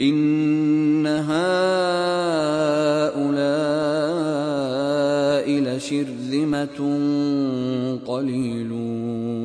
إن هؤلاء لشرذمة قليلون